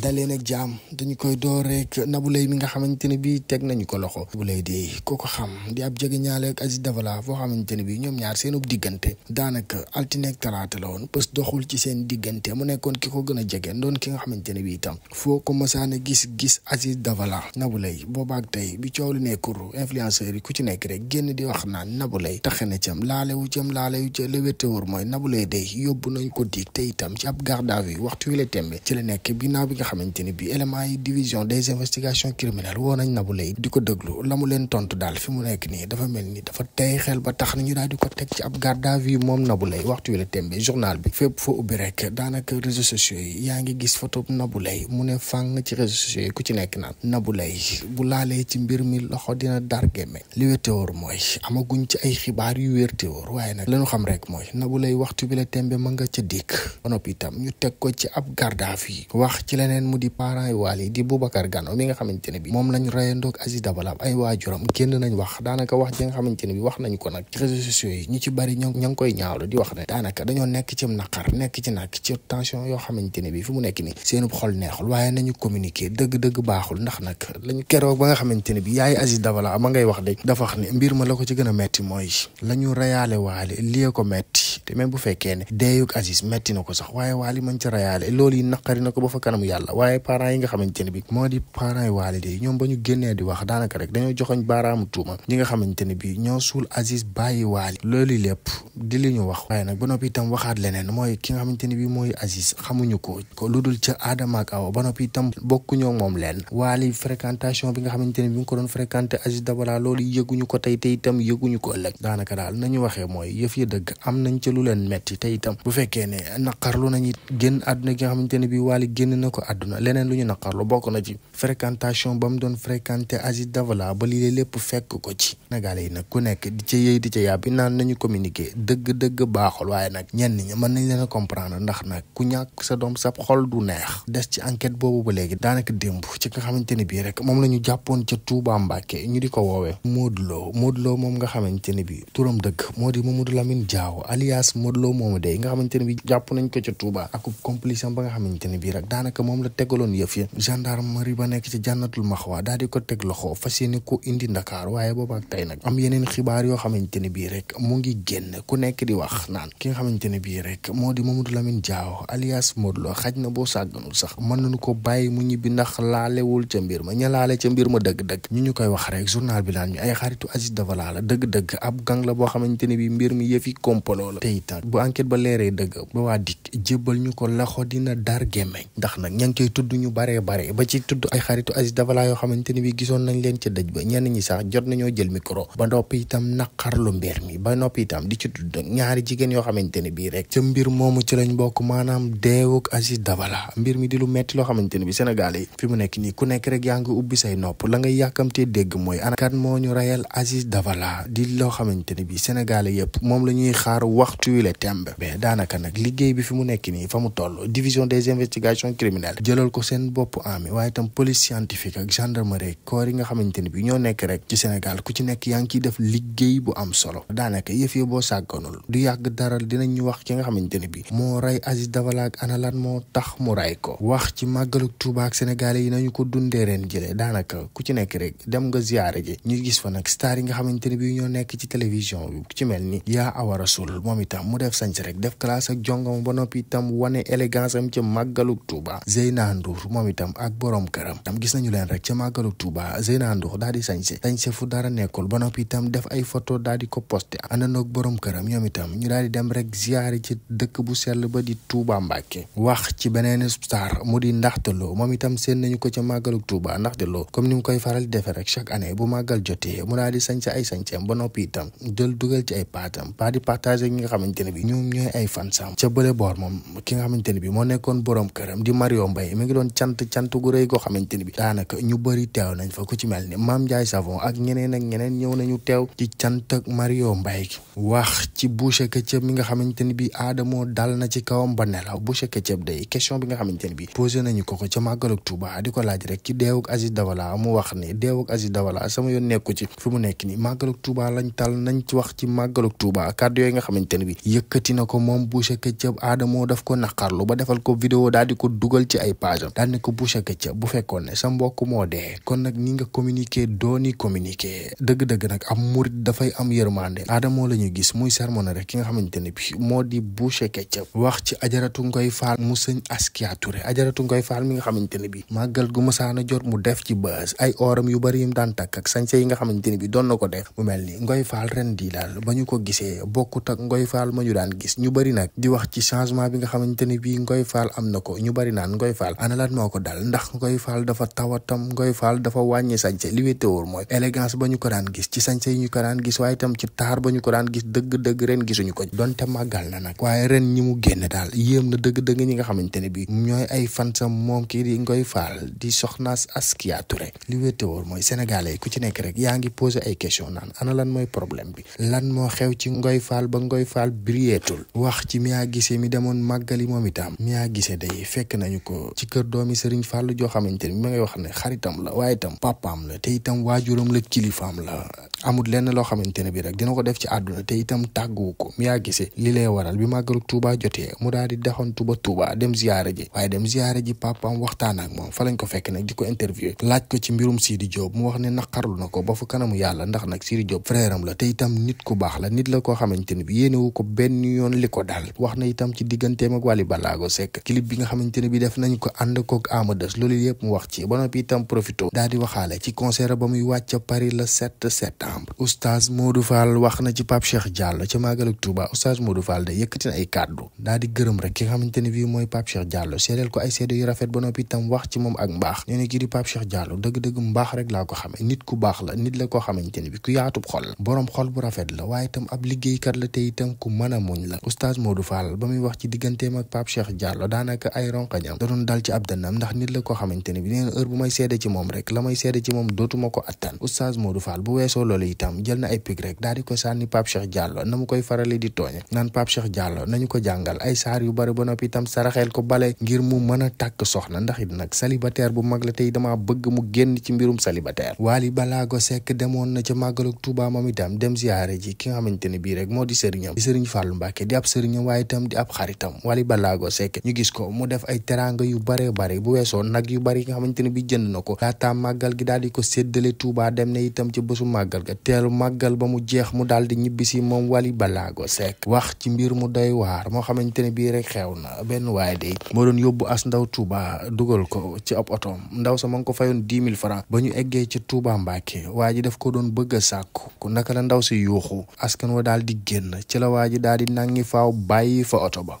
daleen ak jaam dañu koy door rek Nabou Leye mi nga xamante ne bii teg nañu ko loxo Nabou Leye de koo ko xam di ab jege ñaale ak Aziz Dabala foo xamante ne bii ñoom ñaar seenub diggante daanaka altine ak talaata la woon parce que doxul ci seen diggante mu nekkoon ki ko gën a jege doon ki nga xamante ne bii itam foo ko masaane gis gis Aziz Dabala Nabou Leye boobaak tey bi coow lu nekkul influenceurs ku ci nekk rek génn di wax naan Nabou Leye taxe na cam laalewu cam laalewu ca le wéttéwóor mooy Nabou Leye yóbbu nañ ko diig te itam ci ab garde à vue waxtu wi la tembe ci la nekk ginnaaw bi nga xamante ni bi élément yi division des investigations criminelles woo nañ Nabou Leye di ko déglu la mu leen tontu daal fi mu nekk nii dafa mel ni dafa tey xel ba tax na ñu daal di ko teg ci ab garde à vue moom Nabou Leye waxtu wi la tembe journal bi fépp foo ubbi rek daanaka réseaux yi yaa ngi gis photo Nabou mu ne fàng ci réseaux sociaux yi ku ci nekk naan Nabou Leye bu laalee ci mbir mi loxo dina dargeme li wétéwoor mooy amaguñ ci ay xibaar yu wér téwoor waaye nag lañu xam rek mooy Nabou Leye waxtu bi la tembe ma nga ca dikk ba noppi ñu teg ko ci ab garde wax ci leneen keneen mu di parent yi Wally di Boubacar Gano mi nga xamante ne bi moom lañ rayandoog Aziz Dabala ay waajuram génn nañ wax daanaka wax ji nga xamante ne bi wax nañ ko nag ci réseaux sociaux yi ñu ci bari ño ña ngi koy ñaawlu di wax lañu la ko ci gën a rayaale Wally lii metti te même bu fekkee ne deeyug metti na ko sax waaye Wally mën ci rayaale loolu yi naqari na ko ba fa kanamu yàlla waaye parent yi nga xamante ne bi moo di parents yi waalide yi ñoom ba ñu génnee di wax daanaka rek dañoo joxoñ baaraamu tuuma ñi nga xamante ne bi ñoo suul Aziz bàyyi waali loolu lépp di li ñu wax waaye nag ba noppi waxaat leneen mooy ki nga xamante ne bi mooy Aziz xamuñu ko ko lu dul ca Adama ak Awa ba noppi itam bokkuñoo moom leen waali fréquentation bi nga xamante ne bi nga ko doon fréquenté Aziz Dabala loolu yëguñu ko tey te itam yëguñu ko ëllëg daanaka daal nañu waxee mooy yëf yi dëgg am nañ ci lu leen metti tey itam bu fekkee ne naqarlu nañu génn àdduna gi nga xamante ne bi waali génn na ko àdduna àdduna leneen lu ñu naqarlu bokk na ci fréquentation ba mu doon fréquenté Aziz Dabala ba lii lépp fekk ko ci nagaale yi nag ku nekk di ca yëy di ca yàbbi naan nañu communiquer dëgg-dëgg baaxul waaye nag ñenn ñi mën nañ leen a comprendre ndax nag ku ñàkk sa doom sab xol du neex des ci enquête boobu ba léegi daanaka démb ci nga xamante ne bii rek moom la ñu jàppoon ca Touba Mbacké ñu di ko woowee Modou Lo Modou Lo moom nga xamante ne bii turam dëgg moo di Mamadou Lamine Diaw alias Modou Lo moomu de nga xamante ne bii jàpp na ko ca Touba ak complice am ba nga xamante ne bii rek daanaka moom la tegaloon yëf yi gendarmerie ba nekk ci jànnatul maxwa daal di ko teg loxo fas yéene ko indi ndakaar waaye boobu ak tey nag am yeneen xibaar yoo xamante ne bii rek mu ngi génn ku nekk di wax naan ki nga xamante ne bii rek moo di Mamadou Lamine Diaw alias Modou Lo xaj na boo sàgganul sax mën nañu ko bàyyi mu ñibbi ndax laalewul ca mbir ma ña laale ca mbir ma dëgg-dëgg ñu ñu koy wax rek journal bi laan ñu ay xaritu Aziz Dabala la dëgg-dëgg ab gang la xamante ne bi mbir mi yëfi kompaloo la te itam bu enquête ba leeree dëgg ba waa dikk jébbal ñu ko loxo dina dar gémmeñ ndax nag cay tudd ñu baree bare ba ci tudd ay xaritu Aziz Dabala yoo xamante ni bi gisoon nañ leen ca dëj ba ñenn ñi sax jot nañoo jël micro ba noppi itam naqarlu mbir mi ba noppi itam di ci tudd ñaari jigéen yoo xamante ni bii rek ca mbir mi di lu metti loo xamante ni bi Sénégal yi fi mu nekk ku nekk rek yaa ngi la ngay yàkkamtee dégg mooy ana kan moo ñu rayal di loo xamante ni bi Sénégal yëpp moom la ñuy xaar waxtu wi la temb mais daanaka nag liggéey bi fi mu nekk nii fa mu toll division des investigations criminelles jëlal ko seen bopp ami waaye tam police scientifique ak gendarmerie corps yi nga xamante ni bi ñoo nekk rek ci senegal ku ci nekk yaa ngi ciy def liggéey bu am solo daanaka yëf yi boo sàgganul du yàgg dara dinañ ñu wax ki nga xamante ni bi moo rey Aziz Dabala ana lan moo tax mu rey ko wax ci màggalu Tuuba ak Sénégalais yi nañu ko dundee ren jëlee daanaka ku ci nekk rek dem nga ziyaare ji ñu gis fa nag star yi nga xamante ni bi ñoo nekk ci télévision bi ci mel ni yaa awa rasul moom itam mu def sañse rek def classe ak jongam ba noppi itam wane élégance am ci màggalu Tuuba Zeyna Ndour moom itam ak borom këram tam gis nañu leen rek ca màggalu Touba Zeyna Ndour daal di sañse fu dara nekkul ba noppi itam def ay photo daal ko posté àndandoo ak borom këram Ndaxte Lo moom itam seen ko ca màggalu Touba Ndaxte Lo koy faral defee rek chaque année bu màggal jotee mu daal di sañse ay sañseem ba noppi itam jël dugal ci ay paatam pas di partager ñi nga bi ñoom ñooy ay fansam ca bële boor moom ki nga xamante bi moo nekkoon borom këram di Mario Mbaye Mbaye mi ngi doon cant cant gu rëy goo xamante ni bi daanaka ñu bëri teew nañ fa ku ci na ci kawam ba nelaw Boucher Ketchup day bi nga xamante ni bi posé nañu ko ko ca màggalu Touba ko laaj rek ci deewuk Aziz Dabala mu wax ni deewuk Aziz Dabala sama yoon nekku ci fu mu nekk ni màggalu Touba lañ tal nañ ci wax ci màggalu Touba kàddu yooyu nga xamante ni bi yëkkati ko moom Boucher Ketchup Adamo daf ko naqarlu ba defal ko vidéo daal ko dugal ci ay ay page am daan ne ko boucher ka ca bu fekkoon ne sa mbokk moo dee kon nag ni nga communiquer dooni communiquer dëgg-dëgg nag am murit dafay am yërmande aadamoo la gis muy sermon rek ki nga xamante ne bi moo di boucher ka gu masaana jot mu def ci bës ay oram yu bari daan takk ak yi nga xamante ne bi doon na ko def mu mel ni ngoy faal ren di daal ba ñu ko gisee bokkut ak ngoy faal ma ñu daan gis ñu bari nag di wax ci changement bi nga xamante ne bi ngoy Fall ana lan moo ko dal ndax Ngoy Fall dafa tawatam Ngoy Fall mooy ba ko daan gis ci sañse yi ñu ko daan gis waaye itam ci taar ba ñu ko daan gis dëgg-dëgg ren gisuñu na nag waaye ren ñi mu génn daal yéem na dëgg-dëgg ñi nga xamante ne bi ñooy ay fansam moom kii di Ngoy Fall di soxnaas Askia Touré li wétéwoor mooy sénégalais ku ci nekk rek yaa ngi posé ay question naan ana lan mooy problème bi lan moo xew ci Ngoy Fall ba Ngoy Fall brilleetul wax ci Mia Guissé mi demoon màggali moom itam Mia Guissé day fekk nañu ko ci kër doomi Serigne Fallou joo xamante ni mi ngay wax ne xaritam la waaye itam papaam la te itam waajuram la kilifaam la amul lenn loo xamante ne bi rek dina ko def ci àdduna te itam tàgguwu ko mi yaa gisee waral bi màggalu Touba jotee mu daal di daxantu ba Touba dem ziyaare ji waaye dem ziyaare ji papaam waxtaan ak moom fa ko fekk nag di ko interview laaj ko ci mbirum Sidi Diop mu wax ne naqarlu na ko ba fu kanamu yàlla ndax nag Sidi Diop frère am la te itam nit ku baax la nit la koo xamante ne bi yéenewu ko benn yoon li ko daal wax na itam ci digganteem ak Wally Ballago Seck clip bi nga xamante ne bi def nañ ko ànd koog loolu yëpp mu wax ci ba noppi itam profito daal di waxaale ci concert ba muy wàcc Paris le 7 septembre oustaz Modou Fall wax na ci Pape Cheikh Diallo ca Magaluk Touba oustaz Modou Fall da yëkkati na ay kàddu daal di gërëm rek ki nga xamante ne bii mooy Pape Cheikh Diallo seedeel ko ay seede yu rafet ba noppi itam wax ci moom ak mbaax nee na kii di Pape Cheikh Diallo dëgg-dëgg mbaax rek laa ko xamee nit ku baax la nit la ko xamante ne bi ku yaatub xol boroom xol bu rafet la waaye itam ab liggéeykat la te itam ku mën a muñ la oustaz Modou Fall ba muy wax ci digganteem ak Pape Cheikh Diallo daanaka ay ronqañam dal ci ab dënnam ndax nit la koo xamante ne bi nee na heure bu may seede ci moom rek la may seede ci moom dootuma ko attan oustaz Modou Fall bu weesoo loolu na ay pic rek daal di ko saar yu bari ba noppi itam saraxeel ko bale ngir mu mën a tàkk soxna ndax it nag célibataire bu mag la tey dama bëgg mu génn ci mbirum célibataire Wally Ballago Seck demoon na ca màggalu Touba moom itam dem ziyaare ji ki nga bii rek moo di sëriñam di sëriñ Fallou Mbacke di ab sëriñam waaye itam di ab xaritam Wally Ballago Seck ñu gis ko mu def ay teranga yu bare bare bu weesoo nag yu bari yi nga xamante ne bi jënd na ko laata màggal gi daal di ko séddale Touba dem ne itam ci bësu màggal ga teelu màggal ba mu jeex mu daal di ñibbisi moom Wally Ballago Seck wax ci mbir mu day waar moo xamante ne bii rek xew na benn waaye day moo doon yóbbu as ndaw Touba dugal ko ci ab ndaw sa ma ngi ko fayoon dix mille francs ba ñu eggee ci Touba Mbàkke waa ji daf ko doon bëgg a sàkku ku naka la ndaw si yuuxu askan wa daal di génn ci la waa ji daal di nangi faaw bàyyi fa oto ba